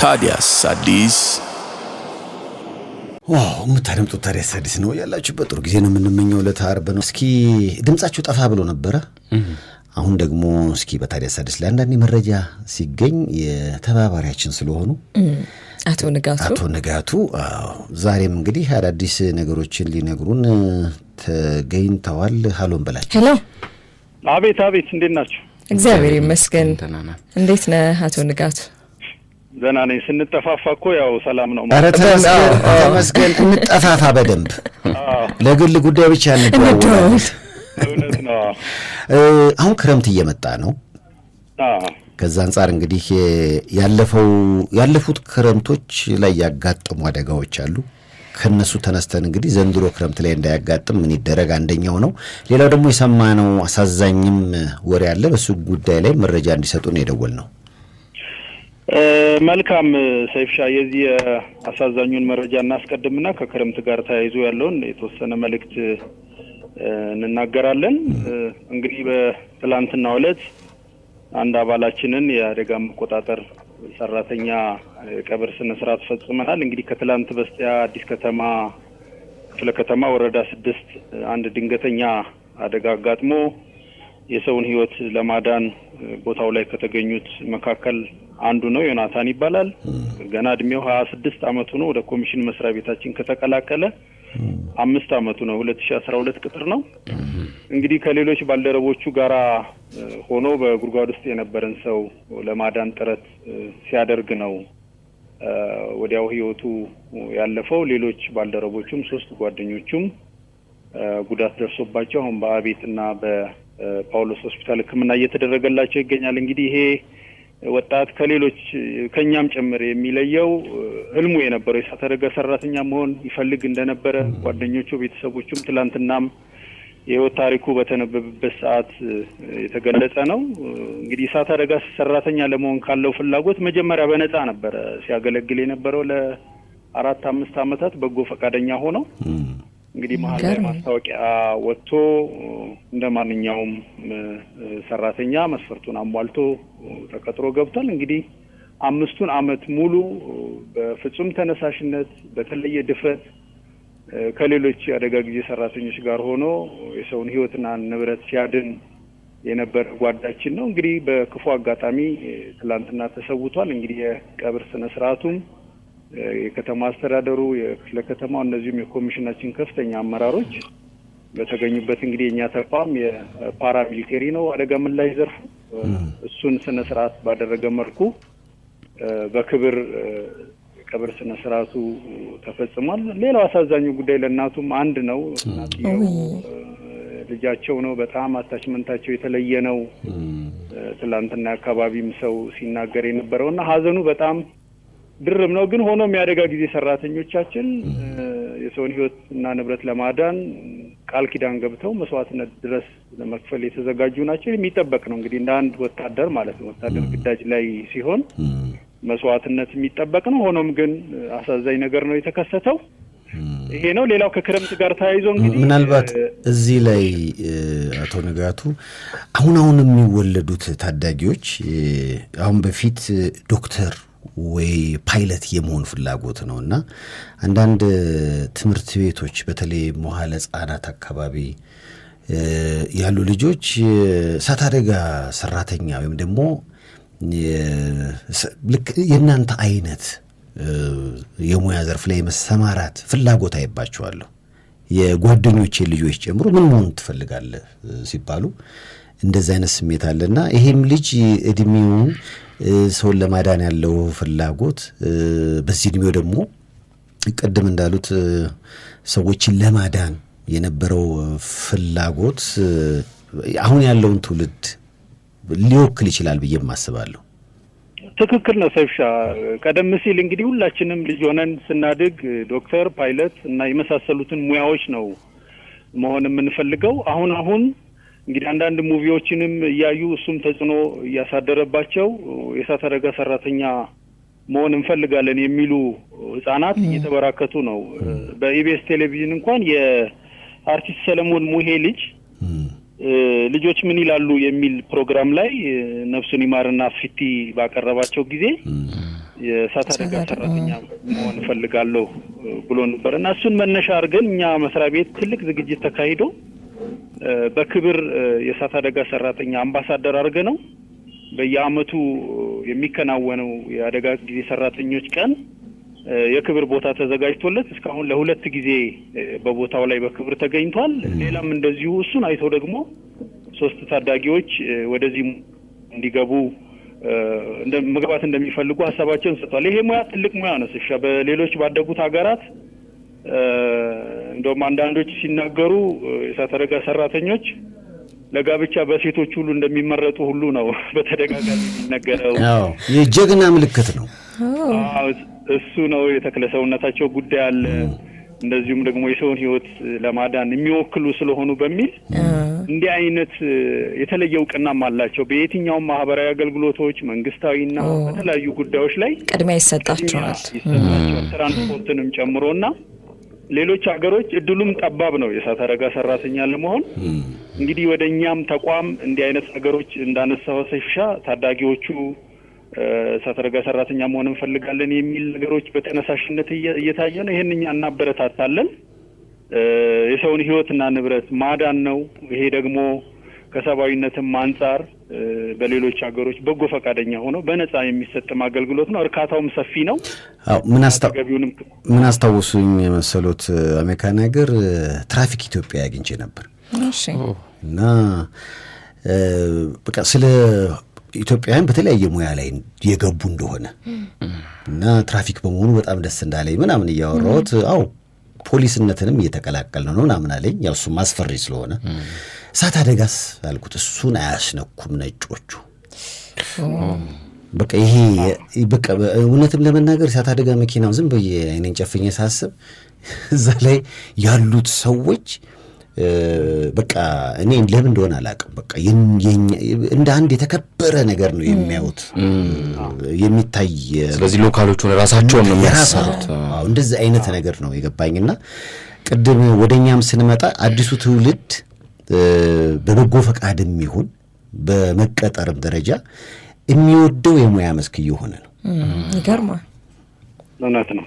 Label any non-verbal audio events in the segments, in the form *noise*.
ታዲያስ አዲስ የምታደምጡት ታዲያስ አዲስ ነው። ያላችሁበት ጥሩ ጊዜ ነው የምንመኘው። ዕለተ ነው። እስኪ ድምጻችሁ ጠፋ ብሎ ነበረ። አሁን ደግሞ እስኪ በታዲያስ አዲስ ላይ አንዳንዴ መረጃ ሲገኝ የተባባሪያችን ስለሆኑ አቶ ንጋቱ አቶ ንጋቱ ዛሬም እንግዲህ አዳዲስ ነገሮችን ሊነግሩን ተገኝተዋል። ሀሎን በላቸው። ሄሎ። አቤት አቤት፣ እንዴት ናቸው? እግዚአብሔር ይመስገን። እንዴት ነህ አቶ ንጋቱ? ዘና ነኝ። ስንጠፋፋ እኮ ያው ሰላም ነው። ኧረ ተመስገን፣ እንጠፋፋ በደንብ ለግል ጉዳይ ብቻ እንደዋወል። አሁን ክረምት እየመጣ ነው። ከዛ አንጻር እንግዲህ ያለፈው ያለፉት ክረምቶች ላይ ያጋጠሙ አደጋዎች አሉ። ከነሱ ተነስተን እንግዲህ ዘንድሮ ክረምት ላይ እንዳያጋጥም ምን ይደረግ አንደኛው ነው። ሌላው ደግሞ የሰማነው አሳዛኝም ወሬ አለ። በሱ ጉዳይ ላይ መረጃ እንዲሰጡን የደወል ነው መልካም ሰይፍሻ፣ የዚህ አሳዛኙን መረጃ እናስቀድምና ከክረምት ጋር ተያይዞ ያለውን የተወሰነ መልእክት እንናገራለን። እንግዲህ በትላንትና ዕለት አንድ አባላችንን የአደጋ መቆጣጠር ሰራተኛ ቀብር ስነ ስርዓት ፈጽመናል። እንግዲህ ከትላንት በስቲያ አዲስ ከተማ ክፍለ ከተማ ወረዳ ስድስት አንድ ድንገተኛ አደጋ አጋጥሞ የሰውን ህይወት ለማዳን ቦታው ላይ ከተገኙት መካከል አንዱ ነው ዮናታን ይባላል። ገና እድሜው ሀያ ስድስት አመቱ ነው። ወደ ኮሚሽን መስሪያ ቤታችን ከተቀላቀለ አምስት አመቱ ነው። ሁለት ሺ አስራ ሁለት ቅጥር ነው። እንግዲህ ከሌሎች ባልደረቦቹ ጋራ ሆኖ በጉድጓድ ውስጥ የነበረን ሰው ለማዳን ጥረት ሲያደርግ ነው ወዲያው ህይወቱ ያለፈው። ሌሎች ባልደረቦቹም ሶስት ጓደኞቹም ጉዳት ደርሶባቸው አሁን በአቤት እና በጳውሎስ ሆስፒታል ሕክምና እየተደረገላቸው ይገኛል። እንግዲህ ይሄ ወጣት ከሌሎች ከእኛም ጭምር የሚለየው ህልሙ የነበረው የእሳት አደጋ ሰራተኛ መሆን ይፈልግ እንደነበረ ጓደኞቹ፣ ቤተሰቦቹም ትላንትናም የህይወት ታሪኩ በተነበበበት ሰዓት የተገለጸ ነው። እንግዲህ የእሳት አደጋ ሰራተኛ ለመሆን ካለው ፍላጎት መጀመሪያ በነጻ ነበረ ሲያገለግል የነበረው ለአራት አምስት ዓመታት በጎ ፈቃደኛ ሆነው እንግዲህ መሀል ላይ ማስታወቂያ ወጥቶ እንደ ማንኛውም ሰራተኛ መስፈርቱን አሟልቶ ተቀጥሮ ገብቷል። እንግዲህ አምስቱን አመት ሙሉ በፍጹም ተነሳሽነት በተለየ ድፍረት ከሌሎች የአደጋ ጊዜ ሰራተኞች ጋር ሆኖ የሰውን ህይወትና ንብረት ሲያድን የነበረ ጓዳችን ነው። እንግዲህ በክፉ አጋጣሚ ትላንትና ተሰውቷል። እንግዲህ የቀብር ስነስርዓቱም የከተማ አስተዳደሩ፣ የክፍለ ከተማው እነዚሁም የኮሚሽናችን ከፍተኛ አመራሮች በተገኙበት እንግዲህ የእኛ ተቋም የፓራ ሚሊቴሪ ነው አደጋ ምላሽ ዘርፉ እሱን ስነ ስርዓት ባደረገ መልኩ በክብር ቀብር ስነ ስርዓቱ ተፈጽሟል። ሌላው አሳዛኙ ጉዳይ ለእናቱም አንድ ነው። ልጃቸው ነው። በጣም አታችመንታቸው የተለየ ነው። ትላንትና አካባቢም ሰው ሲናገር የነበረው እና ሀዘኑ በጣም ድርም ነው። ግን ሆኖም የአደጋ ጊዜ ሰራተኞቻችን የሰውን ህይወት እና ንብረት ለማዳን ቃል ኪዳን ገብተው መስዋዕትነት ድረስ ለመክፈል የተዘጋጁ ናቸው። የሚጠበቅ ነው እንግዲህ እንደ አንድ ወታደር ማለት ነው። ወታደር ግዳጅ ላይ ሲሆን መስዋዕትነት የሚጠበቅ ነው። ሆኖም ግን አሳዛኝ ነገር ነው የተከሰተው። ይሄ ነው። ሌላው ከክረምት ጋር ተያይዞ እንግዲህ ምናልባት እዚህ ላይ አቶ ንጋቱ አሁን አሁን የሚወለዱት ታዳጊዎች አሁን በፊት ዶክተር ወይ ፓይለት የመሆን ፍላጎት ነው እና አንዳንድ ትምህርት ቤቶች በተለይ መዋለ ህጻናት አካባቢ ያሉ ልጆች እሳት አደጋ ሰራተኛ ወይም ደግሞ ልክ የእናንተ አይነት የሙያ ዘርፍ ላይ መሰማራት ፍላጎት አይባቸዋለሁ። የጓደኞቼ ልጆች ጨምሮ ምን መሆን ትፈልጋለህ ሲባሉ እንደዚህ አይነት ስሜት አለና ይሄም ልጅ እድሜው ሰውን ለማዳን ያለው ፍላጎት በዚህ እድሜው ደግሞ ቅድም እንዳሉት ሰዎችን ለማዳን የነበረው ፍላጎት አሁን ያለውን ትውልድ ሊወክል ይችላል ብዬም አስባለሁ። ትክክል ነው ሰብሻ ቀደም ሲል እንግዲህ ሁላችንም ልጅ ሆነን ስናድግ ዶክተር፣ ፓይለት እና የመሳሰሉትን ሙያዎች ነው መሆን የምንፈልገው። አሁን አሁን እንግዲህ አንዳንድ ሙቪዎችንም እያዩ እሱም ተጽዕኖ እያሳደረባቸው የእሳት አደጋ ሰራተኛ መሆን እንፈልጋለን የሚሉ ህጻናት እየተበራከቱ ነው። በኢቢኤስ ቴሌቪዥን እንኳን የአርቲስት ሰለሞን ሙሄ ልጅ ልጆች ምን ይላሉ የሚል ፕሮግራም ላይ ነፍሱን ይማርና ፊቲ ባቀረባቸው ጊዜ የእሳት አደጋ ሰራተኛ መሆን እፈልጋለሁ ብሎ ነበር እና እሱን መነሻ አድርገን እኛ መስሪያ ቤት ትልቅ ዝግጅት ተካሂዶ በክብር የእሳት አደጋ ሰራተኛ አምባሳደር አድርገ ነው በየአመቱ የሚከናወነው የአደጋ ጊዜ ሰራተኞች ቀን የክብር ቦታ ተዘጋጅቶለት እስካሁን ለሁለት ጊዜ በቦታው ላይ በክብር ተገኝቷል። ሌላም እንደዚሁ እሱን አይተው ደግሞ ሶስት ታዳጊዎች ወደዚህ እንዲገቡ መግባት እንደሚፈልጉ ሀሳባቸውን ሰጥቷል። ይሄ ሙያ ትልቅ ሙያ ነው። በሌሎች ባደጉት ሀገራት እንደውም አንዳንዶች ሲናገሩ የሳተረጋ ሰራተኞች ለጋብቻ በሴቶች ሁሉ እንደሚመረጡ ሁሉ ነው *laughs* በተደጋጋሚ የሚነገረው። የጀግና ምልክት ነው እሱ ነው። የተክለ ሰውነታቸው ጉዳይ አለ። እንደዚሁም ደግሞ የሰውን ሕይወት ለማዳን የሚወክሉ ስለሆኑ በሚል እንዲህ አይነት የተለየ እውቅናም አላቸው። በየትኛውም ማህበራዊ አገልግሎቶች መንግስታዊና በተለያዩ ጉዳዮች ላይ ቅድሚያ ይሰጣቸዋል። ትራንስፖርትንም ጨምሮና ሌሎች ሀገሮች እድሉም ጠባብ ነው የእሳት አደጋ ሰራተኛ ለመሆን። እንግዲህ ወደ እኛም ተቋም እንዲህ አይነት ነገሮች እንዳነሳው ሰሻ ታዳጊዎቹ እሳት አደጋ ሰራተኛ መሆን እንፈልጋለን የሚል ነገሮች በተነሳሽነት እየታየ ነው። ይህን እኛ እናበረታታለን። የሰውን ህይወትና ንብረት ማዳን ነው። ይሄ ደግሞ ከሰብአዊነትም አንጻር በሌሎች ሀገሮች በጎ ፈቃደኛ ሆኖ በነጻ የሚሰጥም አገልግሎት ነው። እርካታውም ሰፊ ነው። ምን አስታውሱኝ የመሰሉት አሜሪካን ሀገር ትራፊክ ኢትዮጵያ አግኝቼ ነበር እና በቃ ስለ ኢትዮጵያውያን በተለያየ ሙያ ላይ የገቡ እንደሆነ እና ትራፊክ በመሆኑ በጣም ደስ እንዳለኝ ምናምን እያወራሁት አው ፖሊስነትንም እየተቀላቀል ነው ምናምን አለኝ። ያው እሱም አስፈሪ ስለሆነ እሳት አደጋስ አልኩት። እሱን አያስነኩም ነጮቹ። በቃ ይሄ እውነትም ለመናገር እሳት አደጋ መኪናው ዝም ብዬ አይኔን ጨፍኜ ሳስብ እዛ ላይ ያሉት ሰዎች በቃ እኔ ለምን እንደሆነ አላውቅም። በቃ እንደ አንድ የተከበረ ነገር ነው የሚያዩት የሚታይ። ስለዚህ ሎካሎቹን ራሳቸውን ነው የሚያሳሉት። እንደዚህ አይነት ነገር ነው የገባኝና ቅድም ወደኛም ስንመጣ አዲሱ ትውልድ በበጎ ፈቃድም ይሁን በመቀጠርም ደረጃ የሚወደው የሙያ መስክ እየሆነ ነው። ይገርማል። እውነት ነው።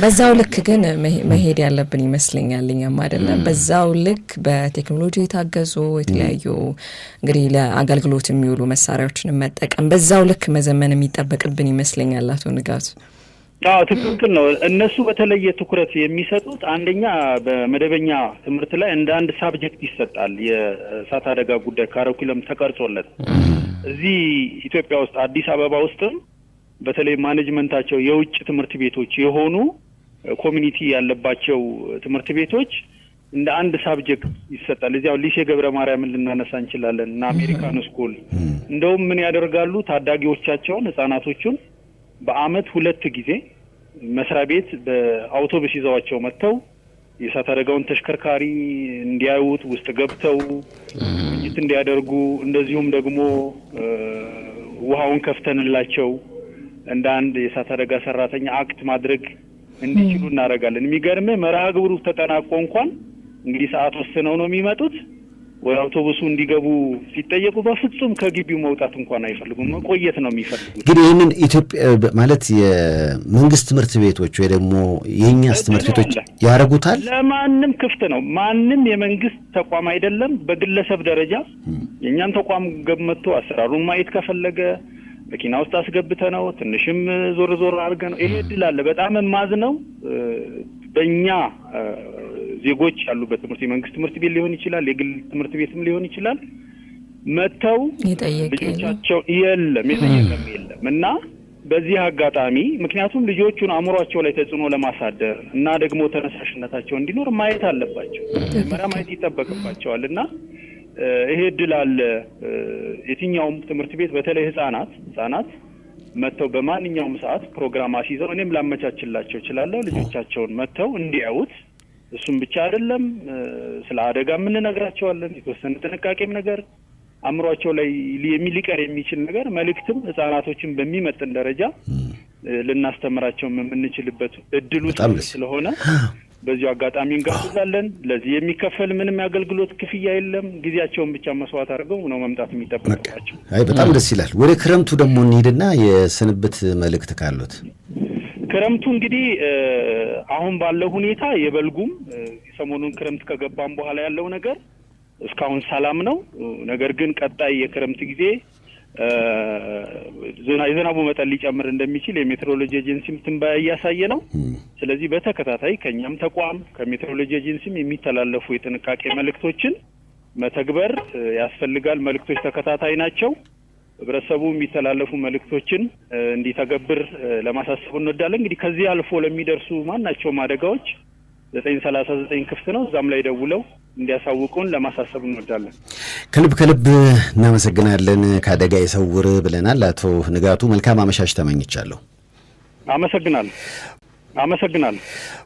በዛው ልክ ግን መሄድ ያለብን ይመስለኛል። እኛም አይደለም በዛው ልክ በቴክኖሎጂ የታገዙ የተለያዩ እንግዲህ ለአገልግሎት የሚውሉ መሳሪያዎችን መጠቀም በዛው ልክ መዘመን የሚጠበቅብን ይመስለኛል። አቶ ንጋቱ አዎ ትክክል ነው። እነሱ በተለየ ትኩረት የሚሰጡት አንደኛ በመደበኛ ትምህርት ላይ እንደ አንድ ሳብጀክት ይሰጣል። የእሳት አደጋ ጉዳይ ካሪኩለም ተቀርጾለት እዚህ ኢትዮጵያ ውስጥ አዲስ አበባ ውስጥም በተለይ ማኔጅመንታቸው የውጭ ትምህርት ቤቶች የሆኑ ኮሚኒቲ ያለባቸው ትምህርት ቤቶች እንደ አንድ ሳብጀክት ይሰጣል። እዚያው ሊሴ ገብረ ማርያምን ልናነሳ እንችላለን እና አሜሪካን ስኩል እንደውም ምን ያደርጋሉ ታዳጊዎቻቸውን ህጻናቶቹን በአመት ሁለት ጊዜ መስሪያ ቤት በአውቶቡስ ይዘዋቸው መጥተው የእሳት አደጋውን ተሽከርካሪ እንዲያዩት ውስጥ ገብተው ውይይት እንዲያደርጉ እንደዚሁም ደግሞ ውሃውን ከፍተንላቸው እንደ አንድ የእሳት አደጋ ሰራተኛ አክት ማድረግ እንዲችሉ እናደርጋለን። የሚገርም መርሃ ግብሩ ተጠናቆ እንኳን እንግዲህ ሰዓት ወስነው ነው የሚመጡት። ወደ አውቶቡሱ እንዲገቡ ሲጠየቁ በፍጹም ከግቢው መውጣት እንኳን አይፈልጉም። መቆየት ነው የሚፈልጉት። ግን ይህንን ኢትዮጵያ ማለት የመንግስት ትምህርት ቤቶች ወይ ደግሞ የእኛስ ትምህርት ቤቶች ያደርጉታል። ለማንም ክፍት ነው። ማንም የመንግስት ተቋም አይደለም። በግለሰብ ደረጃ የእኛን ተቋም ገብመቶ አሰራሩን ማየት ከፈለገ መኪና ውስጥ አስገብተ ነው ትንሽም ዞር ዞር አድርገ ነው ይሄ እድል አለ። በጣም የማዝ ነው በእኛ ዜጎች ያሉበት ትምህርት የመንግስት ትምህርት ቤት ሊሆን ይችላል፣ የግል ትምህርት ቤትም ሊሆን ይችላል። መጥተው ልጆቻቸው የለም የጠየቀም የለም እና በዚህ አጋጣሚ ምክንያቱም ልጆቹን አእምሯቸው ላይ ተጽዕኖ ለማሳደር እና ደግሞ ተነሳሽነታቸው እንዲኖር ማየት አለባቸው፣ መጀመሪያ ማየት ይጠበቅባቸዋል እና ይሄ እድል አለ። የትኛውም ትምህርት ቤት በተለይ ህጻናት ህጻናት መጥተው በማንኛውም ሰዓት ፕሮግራም አስይዘው እኔም ላመቻችላቸው እችላለሁ። ልጆቻቸውን መጥተው እንዲያዩት እሱም ብቻ አይደለም፣ ስለ አደጋም እንነግራቸዋለን። የተወሰነ ጥንቃቄም ነገር አእምሯቸው ላይ ሊቀር የሚችል ነገር መልእክትም ህጻናቶችን በሚመጥን ደረጃ ልናስተምራቸው የምንችልበት እድሉ ስለሆነ በዚሁ አጋጣሚ እንጋብዛለን። ለዚህ የሚከፈል ምንም የአገልግሎት ክፍያ የለም። ጊዜያቸውን ብቻ መስዋዕት አድርገው ነው መምጣት የሚጠበቅባቸው። አይ በጣም ደስ ይላል። ወደ ክረምቱ ደግሞ እንሂድና የስንብት መልእክት ካሉት ክረምቱ እንግዲህ አሁን ባለው ሁኔታ የበልጉም ሰሞኑን ክረምት ከገባም በኋላ ያለው ነገር እስካሁን ሰላም ነው። ነገር ግን ቀጣይ የክረምት ጊዜ የዝናቡ መጠን ሊጨምር እንደሚችል የሜትሮሎጂ ኤጀንሲም ትንበያ እያሳየ ነው። ስለዚህ በተከታታይ ከእኛም ተቋም ከሜትሮሎጂ ኤጀንሲም የሚተላለፉ የጥንቃቄ መልእክቶችን መተግበር ያስፈልጋል። መልእክቶች ተከታታይ ናቸው። ህብረተሰቡ የሚተላለፉ መልእክቶችን እንዲተገብር ለማሳሰብ እንወዳለን። እንግዲህ ከዚህ አልፎ ለሚደርሱ ማናቸውም አደጋዎች ዘጠኝ ሰላሳ ዘጠኝ ክፍት ነው። እዛም ላይ ደውለው እንዲያሳውቁን ለማሳሰብ እንወዳለን። ከልብ ከልብ እናመሰግናለን። ከአደጋ የሰውር ብለናል። አቶ ንጋቱ መልካም አመሻሽ ተመኝቻለሁ። አመሰግናለሁ። አመሰግናለሁ።